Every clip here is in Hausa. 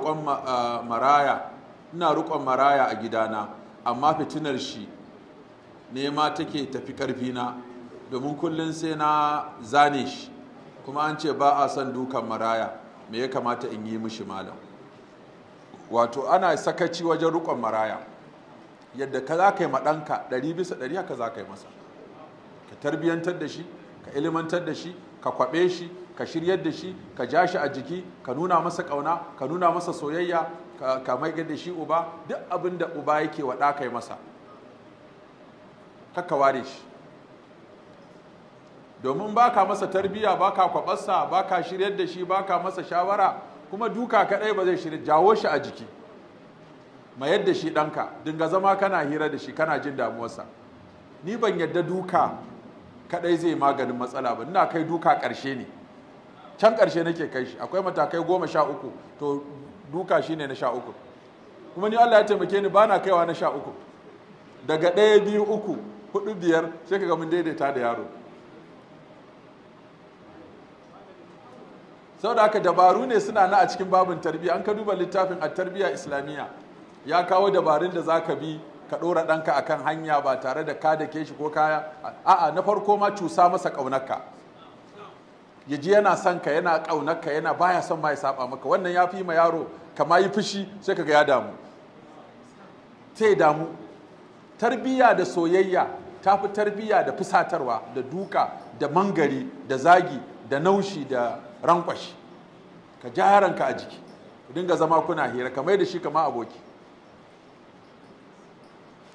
roƙon maraya ina roƙon maraya a gidana amma fitinar shi nema take tafi ƙarfina domin kullum sai na zane shi kuma an ce ba a son dukan maraya me ya kamata in yi mishi malam wato ana sakaci wajen rukon maraya yadda ka za ka yi maɗanka ɗari bisa ɗari haka za ka yi masa ka tarbiyyantar da shi ka ilimantar da shi ka kwaɓe shi ka shiryar da shi ka ja shi a jiki ka nuna masa ƙauna ka nuna masa soyayya ka mai da shi uba duk abin da uba yake wa kai masa kakka ware shi domin baka masa tarbiyya baka kwabarsa baka shiryar da shi baka masa shawara kuma duka kaɗai ba zai shirya jawo shi a jiki mayar da shi ɗanka dinga zama kana hira da shi kana jin damuwarsa ni ban yadda duka kaɗai zai maganin matsala ba ina kai duka ƙarshe ne can ƙarshe nake kai shi akwai matakai goma sha uku to duka shi ne na sha uku kuma ni Allah ya taimake ni bana kaiwa na sha uku daga ɗaya biyu uku hudu biyar sai ka mun daidaita da yaro saboda haka dabaru ne suna na a cikin babin tarbiyya an ka duba littafin a tarbiyya islamiyya ya kawo dabarun da za ka bi ka ɗora ɗanka akan hanya ba tare da ka ke shi ko kaya a'a na farko ma cusa masa ƙaunarka ya ji yana son ka yana ƙaunar ka yana baya son ma ya saba maka wannan ya fi ma yaro kama yi fushi sai kaga ya damu sai damu tarbiyya da soyayya ta fi tarbiyya da fusatarwa da duka da mangari da zagi da naushi da rankwashi ka ja yaranka a jiki ku dinga zama kuna hira kamar da shi kama aboki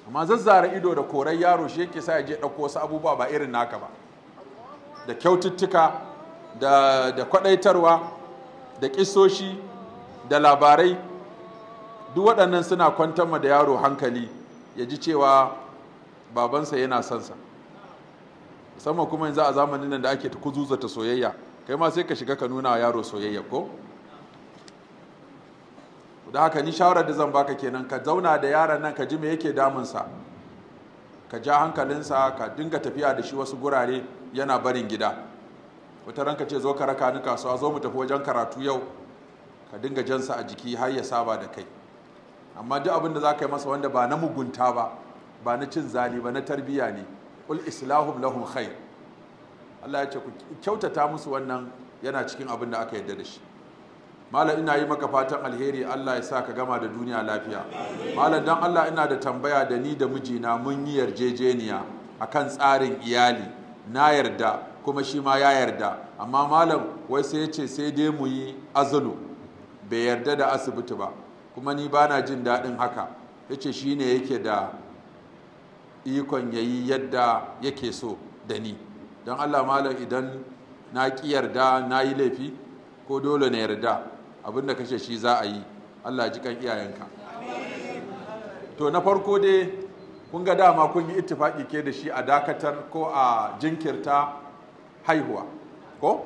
amma zazzara ido da korai yaro shi yake sa ya je ɗauko wasu abubuwa ba irin naka ba da kyaututtuka da, kwaɗaitarwa da kisoshi da labarai duk waɗannan suna kwantar da yaro hankali ya ji cewa babansa yana sansa sama kuma yanzu a zamanin nan da ake ta ta soyayya kai ma sai ka shiga ka nuna yaro soyayya ko da haka ni shawarar da zan baka kenan ka zauna da yaron nan ka ji me yake damunsa ka ja hankalinsa ka dinga tafiya da shi wasu gurare yana barin gida wata ranka ce zo ka raka ni kasuwa zo mu tafi wajen karatu yau ka dinga jansa a jiki har ya saba da kai amma duk abin da za ka yi masa wanda ba na mugunta ba ba na cin zali ba na tarbiyya ne ul islahum lahum khair Allah ya ce ku kyautata musu wannan yana cikin abin da aka yarda da shi malam ina yi maka fatan alheri Allah ya sa ka gama da duniya lafiya malam dan Allah ina da tambaya da ni da mijina mun yi yarjejeniya akan tsarin iyali na yarda kuma shi ma ya yarda amma malam wai sai ya ce sai dai mu yi azulu bai yarda da asibiti ba kuma ni ba na jin daɗin haka ya ce shi ne yake da ikon ya yi yadda yake so da ni don allah malam idan na ƙi yarda na yi laifi ko dole na yarda abinda kashe shi za a yi allah ji kan iyayenka to na farko dai kun ga dama kun yi ittifaki ke da shi a dakatar ko a jinkirta haihuwa ko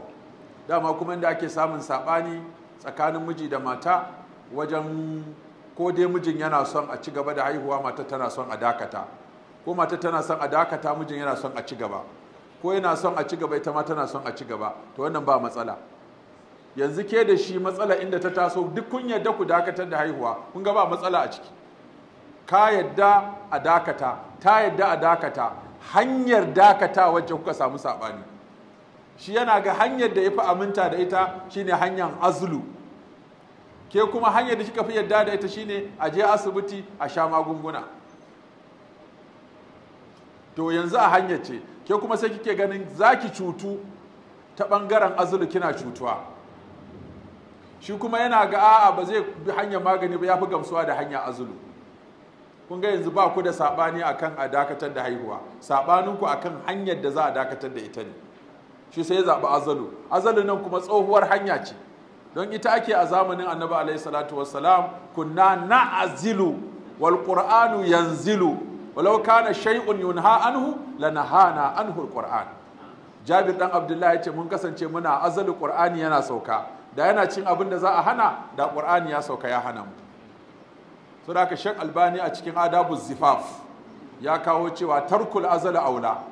dama kuma inda ake samun saɓani tsakanin miji da mata wajen ko dai mijin yana son a ci gaba da haihuwa mata tana son a dakata ko mata tana son a dakata mijin yana son a ci gaba ko yana son a ci gaba ita ma tana son a ci gaba to wannan ba matsala yanzu ke da shi matsala inda ta taso duk kun yadda ku dakatar da haihuwa kun ga ba matsala a ciki ka yadda a dakata ta yadda a dakata hanyar dakata wacce kuka samu saɓani shi yana ga hanyar da ya fi aminta da ita shine hanyar azulu ke kuma hanyar da kika fi yadda da ita shine a je asibiti a sha magunguna to yanzu a hanyar ce ke kuma sai kike ganin zaki cutu ta ɓangaren azulu kina cutuwa shi kuma yana ga a'a ba zai bi hanyar magani ba ya fi gamsuwa da hanyar azulu kun ga yanzu ba ku da saɓani akan a dakatar da haihuwa saɓaninku akan hanyar da za a dakatar da ita ne shi sai ya zaɓi azalu azalu nan kuma tsohuwar hanya ce don ita ake a zamanin annabi alaihi salatu wassalam kunna azilu wal qur'anu yanzilu walau kana shay'un yunha anhu lanahana anhu alquran jabir dan abdullahi yace mun kasance muna azalu qur'ani yana sauka da yana cin abin da za a hana da qur'ani ya sauka ya hana mu so da albani a cikin adabu zifaf ya kawo cewa tarkul azalu aula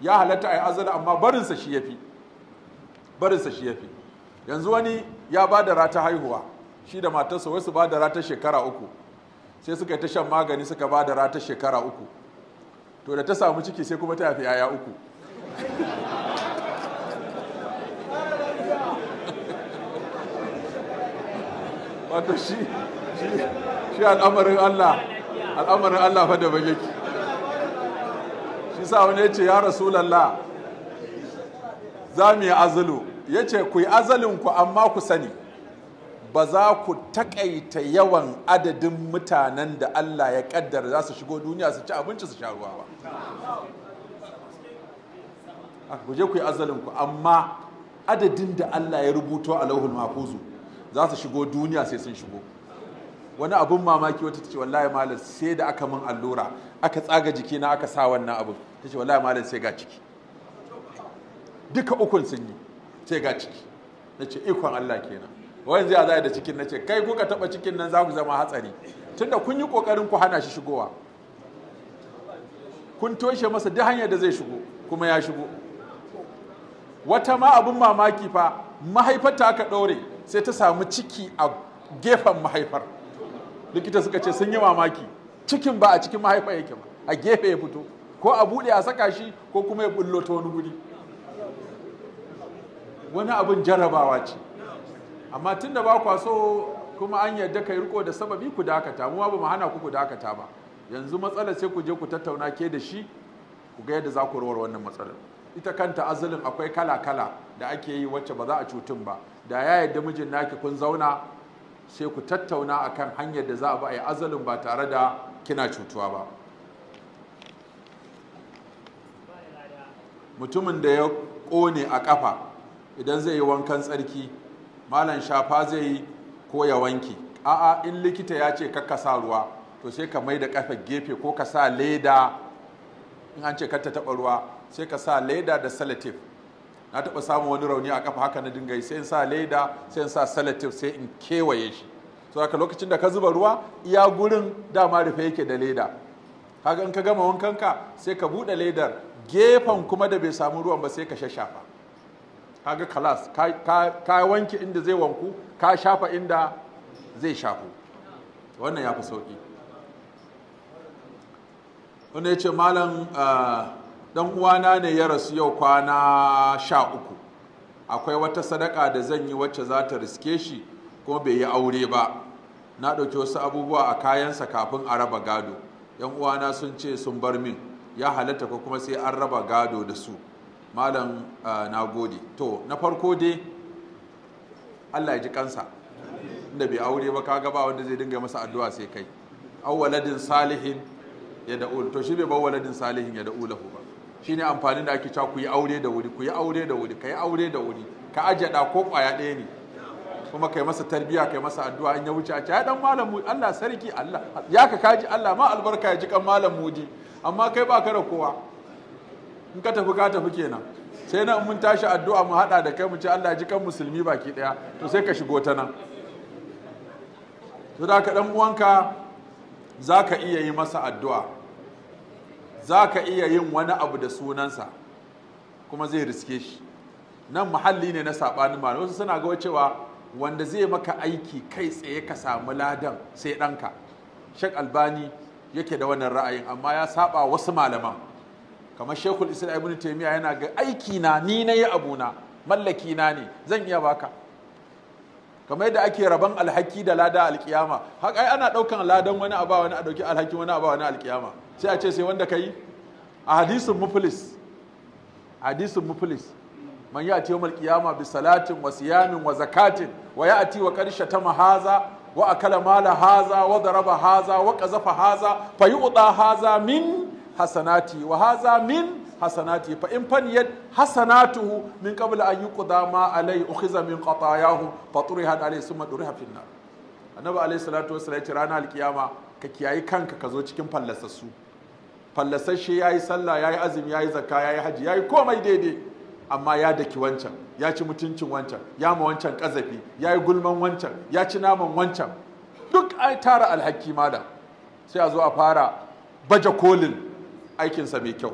ya halatta a yi azala amma barinsa shi ya fi barinsa shi ya fi yanzu wani ya ba da rata haihuwa shi da matarsa wai su ba da rata shekara uku sai suka yi ta shan magani suka ba da rata shekara uku to da ta samu ciki sai kuma ta haifi yaya uku wato shi al'amarin Allah al'amarin Allah fa da yake shi sa wani ya ce ya rasulallah za mu yi azalu ya ce ku yi azalinku amma ku sani ba za ku takaita yawan adadin mutanen da Allah ya kaddara za su shigo duniya su ci abinci su sha ruwa ba guje ku yi azalinku amma adadin da Allah ya rubuto a lauhul mafuzu za su shigo duniya sai sun shigo wani abun mamaki wata ta ce wallahi malam sai da aka min allura aka tsaga jikina aka sa wannan abin ta ce wallahi malam sai ga ciki duka ukun sun yi sai ga ciki na ce ikon Allah kenan wayan zai azaya da cikin na ce kai kuka taba cikin nan za ku zama hatsari tunda kun yi kokarin ku hana shi shigowa kun toshe masa duk hanyar da zai shigo kuma ya shigo wata ma abin mamaki fa ta aka ɗaure sai ta samu ciki a gefen mahaifar likita suka ce sun yi mamaki cikin ba a cikin mahaifar yake ba a gefe ya fito ko a buɗe a saka shi ko kuma ya bullo ta wani guri wani abin jarabawa ce amma tun da ba kwa so kuma an yarda kai riko da sababi ku dakata mu ba mu hana ku ku dakata ba yanzu matsalar sai ku je ku tattauna ke da shi ku ga yadda za ku rawar wannan matsalar ita kanta azalin akwai kala-kala da ake yi wacce ba za a cutun ba da ya yadda mijin naki kun zauna sai ku tattauna akan hanyar da za a ba a yi azalin ba tare da kina cutuwa ba mutumin da ya ƙone a ƙafa idan zai yi wankan tsarki malam shafa zai yi ko ya wanke a'a in likita ya ce kakka sa ruwa to sai ka mai da ƙafa gefe ko ka sa leda in an ce kar ta taɓa ruwa sai ka sa leda da salatif na taɓa samun wani rauni a ƙafa haka na dinga yi sai in sa leda sai in sa salatif sai in kewaye shi so haka lokacin da ka zuba ruwa iya gurin dama rufe yake da leda kaga in ka gama wankanka sai ka buɗe ledar gefen kuma da bai samu ruwan ba sai ka shashafa kaga kalas ka wanke inda zai wanku ka shafa inda zai shafu wannan ya fi sauki wanda ya ce malam ah, dan uwana ne ya rasu yau kwana sha uku akwai wata sadaka da zan yi wacce za ta riske shi kuma bai yi aure ba na ɗauki wasu abubuwa a kayansa kafin a raba gado yan uwana sun ce sun bar min ya halatta ko kuma sai an raba gado da su malam ah, na gode to na farko dai allah ya ji kansa inda bai aure ba ka gaba wanda zai dinga masa addu'a sai kai aw waladin salihin ya da'ul to shi bai ba waladin salihin ya da'u lahu ba shine amfanin da ake cewa ku yi aure da wuri ku yi aure da wuri ka yi aure da wuri ka ajada ko kwaya ɗaya ne kuma kai masa tarbiya kai masa addu'a in ya wuce a ce ya dan malam Allah sarki Allah ya ka kaji Allah ma albarka ya ji kan malam mudi amma kai ba ka da kowa in ka tafi ka tafi kenan sai na mun tashi addu'a mu hada da kai mu ce Allah ji kan musulmi baki daya to sai ka shigo ta nan to da ka dan uwanka zaka iya yi masa addu'a zaka iya yin wani abu da sunansa kuma zai riske shi nan muhalli ne na sabani malamai wasu suna ga cewa wanda zai maka aiki kai tsaye ka samu ladan sai ɗanka shek albani yake da wannan ra'ayin amma ya saba wasu malaman kamar shekul isra ibn taimiyya yana ga aiki na ni na yi abuna mallaki na ne zan iya baka kamar yadda ake rabon alhaki da lada alkiyama haka ana ɗaukan ladan wani aba wani a dauki alhaki wani aba wani alkiyama sai a ce sai wanda kai a hadisin muflis hadisin muflis man ya ce yawmal qiyama bi salatin wa siyamin wa zakatin wa ya'ti wa qad shatama haza wa kala mala haza wa daraba haza wa qazafa haza fa yu'ta haza min hasanati wa haza min hasanati fa in faniyat hasanatuhu min qabla an yuqda ma alai ukhiza min qatayahu fa turiha alai summa duriha fin annabi alaihi salatu wassalam ya ranar alkiyama ka kiyayi kanka ka zo cikin fallasassu fallasashe yayi sallah yayi azumi yayi zakka yayi haji yayi komai daidai amma ya daki wancan ya ci mutuncin wancan ya ma wancan kazafi ya yi gulman wancan ya ci naman wancan duk ai tara alhaki mala sai a zo a fara baje kolin aikinsa mai kyau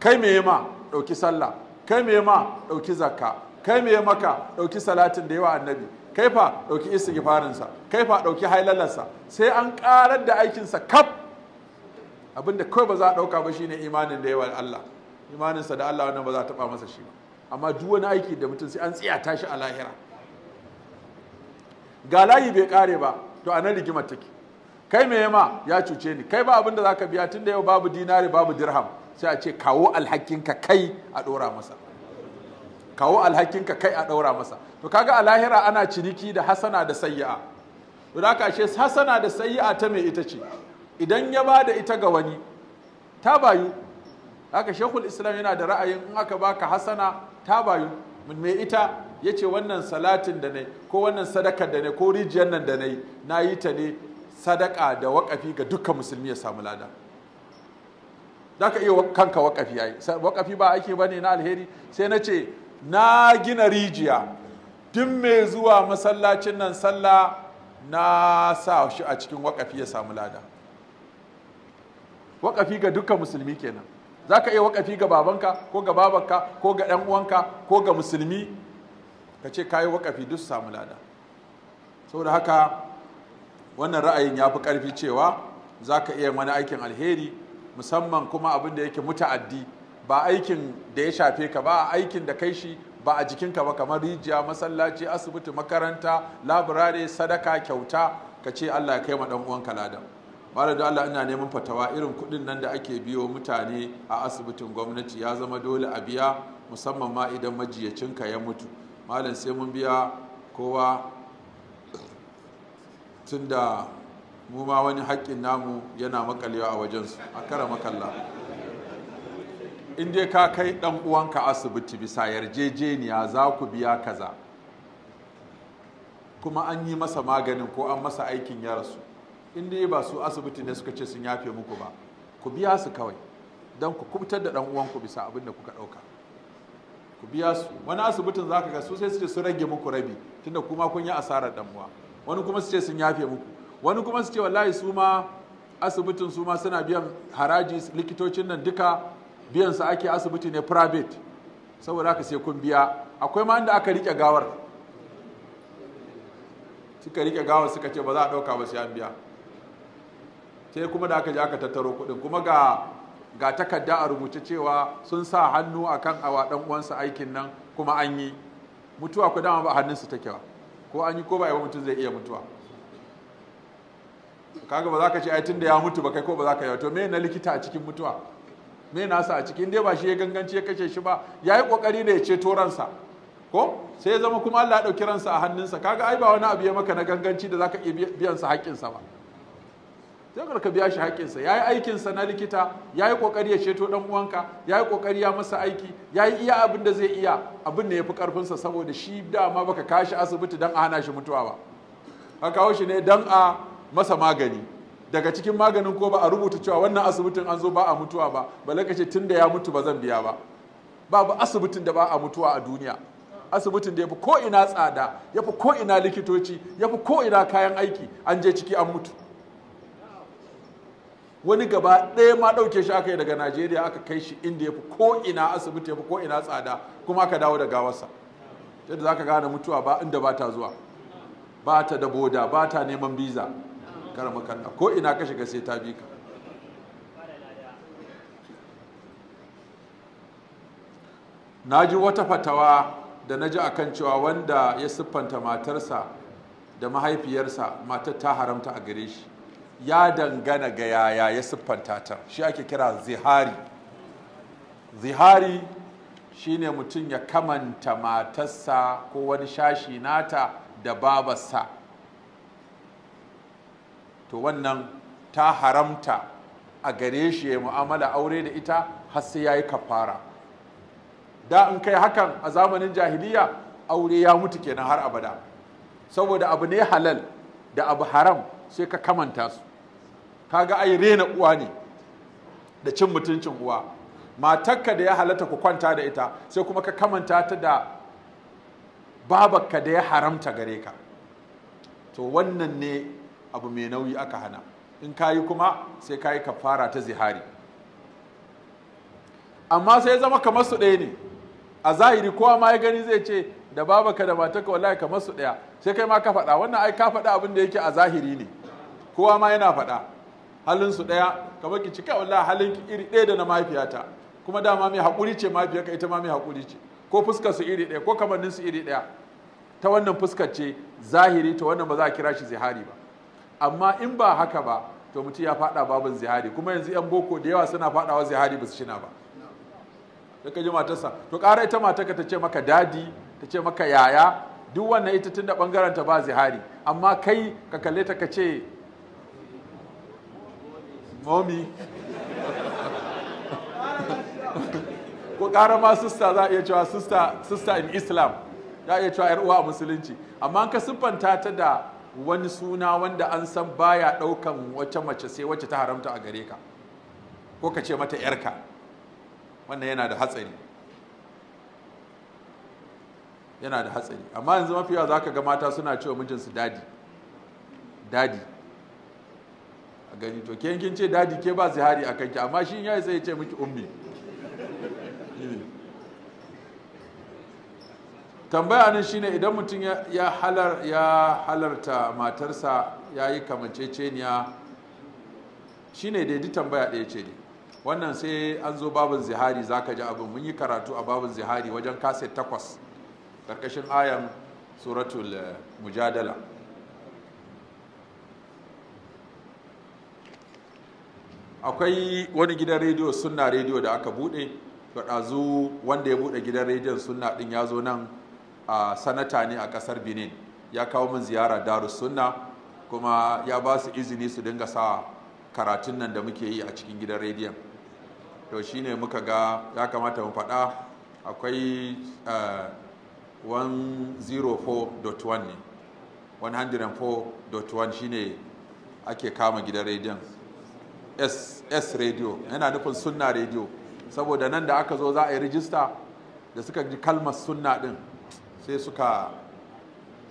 kai me ma ɗauki sallah kai me ma ɗauki zakka kai me maka ɗauki salatin da yawa annabi kai fa ɗauki istighfarinsa kai fa ɗauki hailalarsa sai an ƙarar da aikinsa kaf abinda kawai ba za a ɗauka ba shine imanin da yawa Allah imaninsa da Allah wannan ba za ta taɓa masa shi ba amma duk wani aiki da mutum sai an tsiya tashi a lahira ga layi bai kare ba to a rigimar take kai me yama ya cuce ni kai ba abin da zaka biya tunda yau babu dinari babu dirham sai a ce kawo alhakinka kai a ɗora masa kawo alhakinka kai a daura masa to kaga a lahira ana ciniki da hasana da sayya'a to da ce hasana da sayya'a ta me ita ce idan ya ba da ita ga wani ta bayu haka shekul islam yana da ra'ayin in aka baka hasana ta bayu mai ita ya ce wannan salatin da nai ko wannan sadakar da nai ko rijiyar nan da nai na yi ta ne sadaka da wakafi ga dukkan musulmi ya samu lada za ka iya kanka wakafi yi wakafi ba ake ba ne na alheri sai na ce na gina rijiya duk mai zuwa masallacin nan sallah na sa shi a cikin wakafi ya samu lada wakafi ga dukkan musulmi kenan za ka iya wakafi ga babanka ko ga babanka ko ga ɗan uwanka ko ga musulmi ka ce ka yi wakafi duk samu lada saboda haka wannan ra'ayin ya fi ƙarfi cewa za ka iya wani aikin alheri musamman kuma abin da yake muta'addi ba aikin da ya shafe ka ba aikin da kai shi ba a jikinka ba kamar rijiya masallaci asibiti makaranta labirare sadaka kyauta ka ce allah ya kai ma ɗan uwanka ladan mara da Allah ina neman fatawa irin kuɗin nan da ake biyo mutane a asibitin gwamnati ya zama dole a biya musamman ma idan majiyacinka ya mutu malam sai mun biya kowa tun da mu ma wani haƙƙin namu yana makalewa a wajensu a kara makalla in dai ka kai ɗan uwanka asibiti bisa yarjejeniya za ku biya kaza kuma an yi masa maganin ko an masa aikin ya rasu in dai ba su asibiti ne suka ce sun yafe muku ba ku biya su kawai don ku kubutar da ɗan uwanku bisa abin da kuka ɗauka ku biya su wani asibitin za ka ga su sai su ce su rage muku rabi tunda kuma kun yi asarar dan uwa wani kuma su ce sun yafe muku wani kuma su ce wallahi su ma asibitin su ma suna biyan haraji likitocin nan duka biyan su ake asibiti ne private saboda haka sai kun biya akwai ma inda aka rike gawar suka rike gawar suka ce ba za a ɗauka ba sai an biya sai kuma da aka je aka tattaro kuɗin kuma ga ga takarda a rubuce cewa sun sa hannu akan awa dan uwansa aikin nan kuma an yi mutuwa ku dama ba hannunsu take ba ko an yi ko ba mutum zai iya mutuwa kaga ba za ka ce ai tunda ya mutu ba kai ko ba za ka yi to me na likita a cikin mutuwa me nasa a cikin dai ba shi ya ganganci ya kashe shi ba ya yi kokari da ya ceto ransa ko sai ya zama kuma Allah ya ɗauki ransa a hannunsa kaga ai ba wani abu ya maka na ganganci da za ka iya biyan sa haƙƙinsa ba sai ka biya shi haƙƙinsa ya yi aikinsa na likita ya yi ƙoƙari ya ceto ɗan uwanka ya yi ƙoƙari ya masa aiki ya yi iya abin da zai iya abin da ya fi ƙarfinsa saboda shi dama baka kashi asibiti don a hana shi mutuwa ba a kawo shi ne don a masa magani daga cikin maganin ko ba a rubuta cewa wannan asibitin an zo ba a mutuwa ba balaka ka ce tun da ya mutu ba zan biya ba babu asibitin da ba a mutuwa a duniya asibitin da ya fi ko'ina tsada ya fi ko'ina likitoci ya fi ko'ina kayan aiki an je ciki an mutu wani gaba ɗaya ma ɗauke shi aka yi daga najeriya aka kai shi inda ya fi ko'ina asibiti ya fi ko'ina tsada kuma aka dawo da gawarsa yadda za ka gane mutuwa ba inda ba ta zuwa ba ta da boda ba ta neman biza karama kanna ko'ina kashe ka sai ta bi ka na ji wata fatawa da na ji akan cewa wanda ya siffanta matarsa da mahaifiyarsa matar ta haramta a gare shi ya dangana ga yaya ya siffanta ta shi ake kira zihari zihari shine mutum ya kamanta matarsa ko wani shashi nata da babarsa to wannan ta haramta a gare shi ya mu'amala aure da ita har sai ya yi kafara da in kai hakan a zamanin jahiliya aure ya mutu kenan har abada saboda abu ne halal da abu haram sai ka kamanta su kaga ai rena uwa ne da cin mutuncin uwa matarka da ya halatta ku kwanta da ita sai kuma ka kamanta ta da babarka da ya haramta gare ka to wannan ne abu mai nauyi aka hana in kayi kuma sai kayi kafara ta zihari amma sai ya zama kamar su ɗaya ne a zahiri kowa ma ya gani zai ce da babaka da matarka wallahi kamar su ɗaya sai kai ma ka faɗa wannan ai ka faɗa abin da yake a zahiri ne kowa ma yana faɗa halin su daya ka baki cika wallahi halin ki iri ɗaya da na mahaifiyata kuma dama mai hakuri ce mahaifiyarka ita ma mai hakuri ce ko fuskar su iri ɗaya ko kamannin su iri ɗaya ta wannan fuskar ce zahiri ta wannan ba za a kira shi zihari ba amma in ba haka ba to mutum ya fada babin zihari kuma yanzu yan boko da yawa suna fadawa zihari ba su shina ba da ka ji matarsa to ƙara ita matarka ta ce maka dadi ta ce maka yaya duk wannan ita tunda da ta ba zihari amma kai ka kalle ta ka ce mommy ko gara ma sista za a iya cewa sista in islam za a iya cewa yar uwa a musulunci amma ka siffanta ta da wani suna wanda an san baya ɗaukan wacce mace sai wacce ta haramta a gare ka ko ka ce mata yarka wannan yana da hatsari yana da hatsari amma yanzu mafiya za ka ga mata suna cewa mijinsu dadi dadi gani to ke kin ce daji ke ba zihari a kanki amma shi ya sai ya ce miki ummi tambaya nan shine idan mutum ya halar ya halarta matarsa ya yi kamanceceniya shine duk tambaya ɗaya ce ne wannan sai an zo babin zihari zaka ji abin mun yi karatu a babun zihari wajen kaset takwas ƙarƙashin ayan suratul eh, mujadala akwai wani gidan rediyo sunna rediyo da aka bude to ɗazu wanda ya bude gidan rediyon sunna ɗin ya zo nan a sanata ne a ƙasar benin ya kawo min ziyara darus sunna kuma ya ba su izini su dinga sa karatun nan da muke yi a cikin gidan rediyon to shine muka ga ya kamata mu faɗa akwai 104.1 ne 104.1 shine ake kama gidan rediyon s, radio yana nufin sunna radio saboda nan da aka zo za a yi rijista da suka ji kalmar sunna din sai suka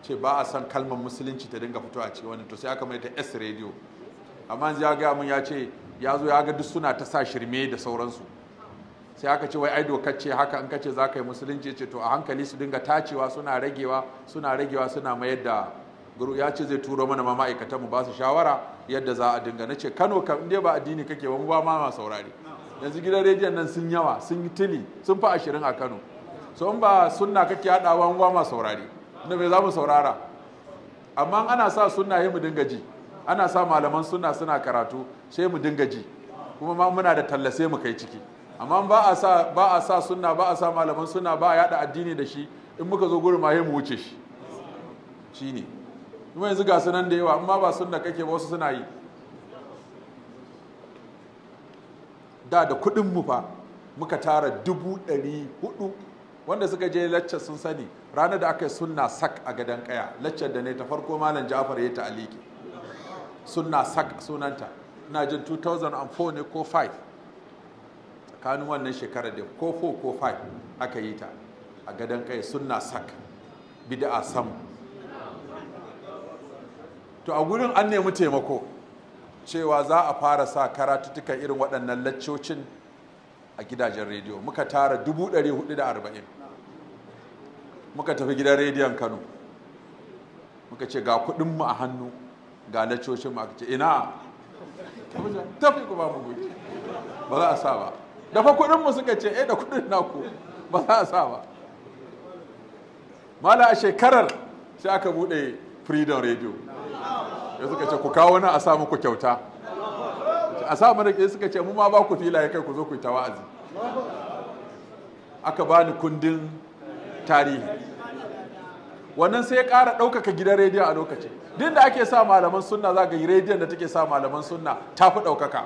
ce ba a san kalmar musulunci ta dinga fito a ce wani to sai aka mai ta s radio amma ya gaya mun ya ce ya zo ya ga duk suna ta sa shirme da sauransu sai aka ce wai ai dokar ce haka in kace za ka yi musulunci ce to a hankali su dinga tacewa suna ragewa suna ragewa suna mayar da ya ce zai turo mana ma ma'aikatan mu ba su shawara yadda za a dinga na ce Kano kam inda ba addini kake ba mu ba ma saurari yanzu gidan rediyon nan sun yawa sun yi tili sun fa ashirin a Kano so in ba sunna kake wa mu ba ma saurari inda bai za mu saurara amma ana sa sunna yi mu dinga ji ana sa malaman sunna suna karatu sai mu dinga ji kuma ma muna da tallace mu kai ciki amma ba a sa ba a sa sunna ba a sa malaman sunna ba a yada addini da shi in muka zo gurin ma mu wuce shi shine kuma yanzu ga sunan da yawa amma ba sunna kake ba wasu suna yi da da kuɗin mu fa muka tara dubu ɗari hudu wanda suka je lacca sun sani ranar da aka yi sunna sak a gadon kaya laccar da ne ta farko malam jafar ya ta'aliki sunna sak sunanta ina jin 2004 ne ko 5 tsakanin wannan shekarar da ko 4 ko 5 aka yi ta a gadon kaya sunna sak bid'a samu to a gurin an nemi taimako cewa za a fara sa karatuttukan irin waɗannan laccocin a gidajen rediyo muka tara 440 muka tafi gidan rediyon kano muka ce ga kuɗinmu a hannu ga laccocin ma aka ce ina tafi ku ba mu guji ba za a sa ba Dafa kuɗinmu suka ce eh da kuɗin naku ba za a sa ba mala a shekarar sai aka buɗe freedom radio ya suka ce ku kawo wani a sa muku kyauta a sa mana ke suka ce mu ma ba ku filaye kai ku zo ku yi tawa'azi aka bani kundin tarihi wannan sai ya ƙara ɗaukaka gidan rediyo a lokaci din da ake sa malaman sunna za ga rediyon da take sa malaman sunna ta fi ɗaukaka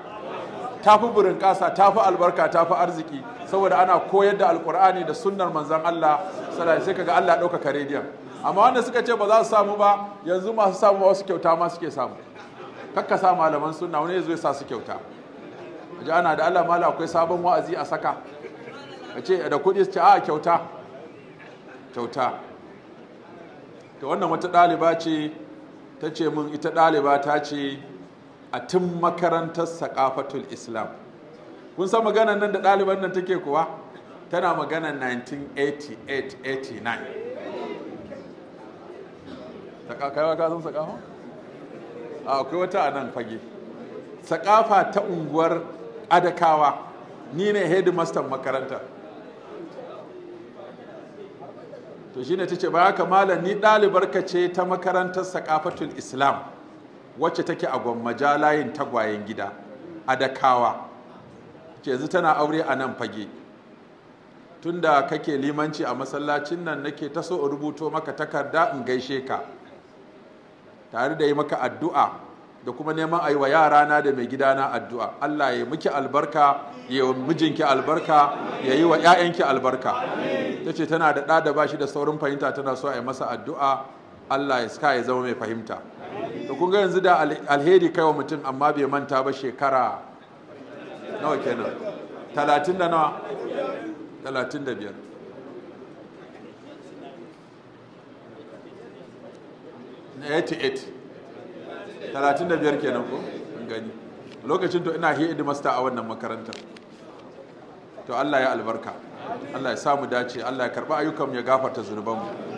ta fi burin ƙasa ta fi albarka ta fi arziki saboda ana koyar da alƙur'ani da sunnar manzan Allah sai ka ga Allah ɗaukaka rediyon amma wanda suka ce ba za su samu ba yanzu masu samu wasu kyauta ma suke samu kakka sa malaman suna wani zai sa su kyauta ji ana da Allah mala akwai sabon wa'azi a saka a ce da kuɗi su ce a kyauta kyauta ta wannan wata ɗaliba ce ta ce min ita ɗaliba ta ce a tun makarantar saƙafatul islam kun san maganan nan da ɗaliban nan take kuwa tana maganan 1988-89 kaiwa ka san sakafa a akwai wata a nan fage sakafa ta unguwar adakawa ni ne headmaster makaranta to shine ta ce ba haka malam ni ɗalibar ka ce ta makarantar sakafatul islam wacce take a gwammaja layin tagwayen gida adakawa ce yanzu tana aure a nan fage tunda kake limanci a masallacin nan nake taso so rubuto maka takarda in gaishe ka tare da yi maka addu'a da kuma neman a yi wa yarana da mai gidana addu'a Allah ya miki albarka ya yi mijinki albarka ya yi wa 'ya'yanki albarka ta ce tana da ɗa da ba shi da saurin fahimta tana so a yi masa addu'a Allah ya ska ya zama mai fahimta da kun ga yanzu da alheri kai wa mutum amma bai manta ba shekara nawa kenan talatin da nawa talatin da biyar 35 kenan ko gani lokacin to ina hidi e master a wannan makarantar to Allah ya albarka Allah ya samu dace Allah ya karba ayyukan ya gafarta zunubanmu